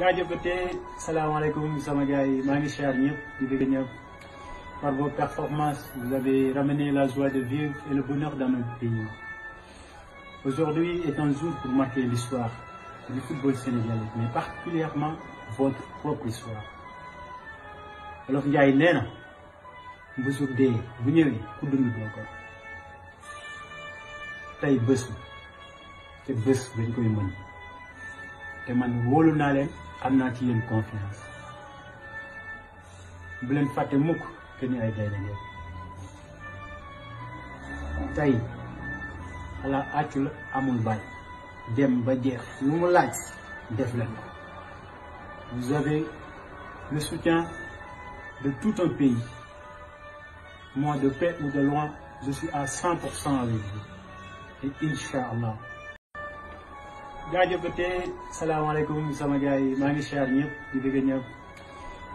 jaajëfate salaamaaleykum sama gars yi maa ngi siyaar ñëpp di dégg ñëpp par vos performances vous avez ramené la joie de vivre et le bonheur dans notre pays aujourd'hui est un jour pour marquer l'histoire du football sénégalais mais particulièrement votre propre histoire Wolof Njaay nee na mbësub dee bu ñëwee ku dund doo ko tey bés te bés dañ koy mën te man woolu naa leen am naa ci yéen confiance bu leen fàtte mukk ke ni ay gaynde ngeen tey xalaa àccu la amul bàyyi dem ba jeex lu mu laaj def leen ko vous avez le soutien de tout un pays moi de près ou de loin je suis à cent pour cent avec allah jaajëfatee salaamaaleykum sama gars yi maa ngi siyaar ñëpp di bëgg ñëpp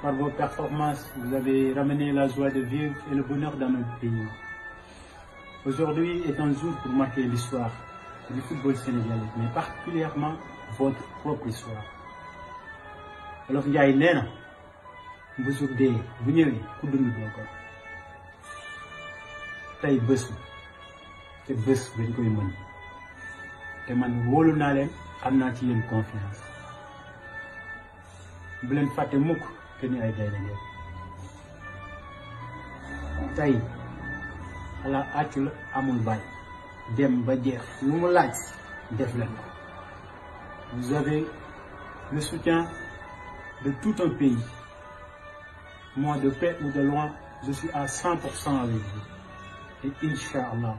par vos performances vous avez ramené la joie de vivre et le bonheur dans notre pays aujourd'hui est un pour marquer l'histoire du football sénégalais mais particulièrement votre propre histoire Olof Ndiaye nee na bu suuf dee bu ñëwee ku dund doo ko tey bés te bés dañ koy mën te man woolu naa leen am naa ci yéen confiance bu leen fàtte mukk ke ni ay gaynde ngeen tey xalaa àccu la amul bàyyi dem ba jeex lu mu laaj def leen ko vous avez le soutien de tout un pays moi de près ou de loin je suis à cent pour cent allah